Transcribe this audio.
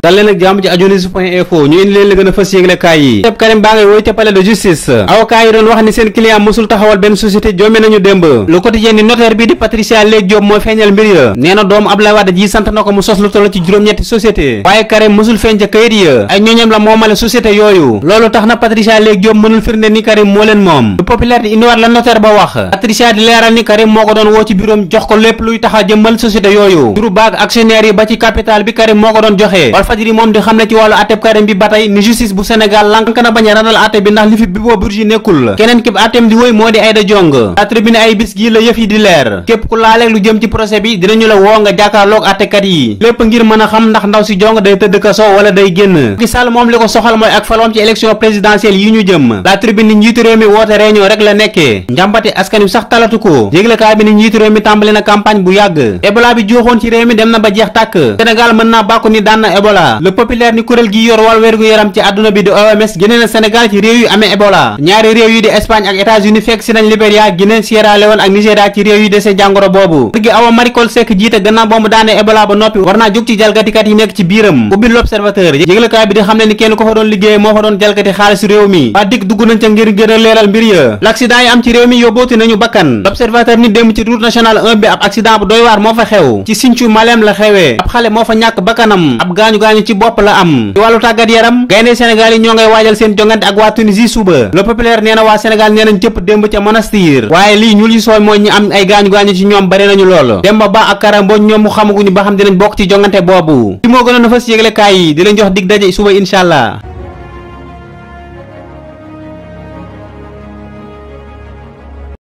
dal leen ak jàmm ci ajonews point info ñu indi leen la gën a fas yi doon wax ni seen client mosul taxawal benn société jombe nañu démb le quotidien ni notaire bii di Patricia Ley Diop mooy feeñal mbir ya nee na doomu Abdoulaye Wade ji sant na ko mu sos lu toll ci juróom-ñetti société waaye Karim mosul feeñ ca kayit ya ay ñooñam la moomale société yooyu loolu tax na Patricia Ley Diop mënul firnde ni Karim moo leen moom lu populaire di indiwaat la Walfadjri moom di xam ne ci wàllu atteb Karim bi ba tey ni justice bu Sénégal lank na bañ a ranal atte bi ndax li fi Bibo Bourgi nekkul keneen képp attem di woy moo di Aïda Diong la tribune ay bis gii la yëf yi di leer képp ku laaleeg lu jëm ci procès bi dinañu la woo nga jàkkaarloog attekat yi lépp ngir mën a xam ndax ndaw si Diong day tëdd kaso wala day génn Macky moom li ko soxal mooy ak faloom ci élection présidentielle yi ñu jëm la tribune Ebola le ni kuréel gi yor wàll wérgu yaram ci àdduna bi di OMS génne na Sénégal ci réew yu amee Ebola ñaari réew yi di Espagne ak États-Unis fekk si nañ Libéria Guinée Sierra Leone ak Nigéria ci réew yu dese jàngoro boobu kër gi Awa Maricol Seck jiite gannaaw ba daanee Ebola ba noppi war jóg ci jalgatikat yi nekk ci biiram ubbi l'observateur yëglekaay bi di xam ni kenn ko fa doon liggéey moo fa doon jalgati xaalis réew mi waa dikk dugg a gaañu ci bopp la am ci wàllu tàggat yaram gaynde Sénégal yi ñoo ngay waajal seen jongante ak waa Tunisie suba le populaire nee na waa Sénégal nee nañ cëpp démb ca Monastir waaye lii ñul yi sooy mooy ñi am ay gaañu-gaañu ci ñoom bare nañu lool Demba Ba ak Kara ñoom mu ba xam dinañ bokk ci jongante boobu ci moo gënoon a fas yéglekaay yi di jox dig daje suba incha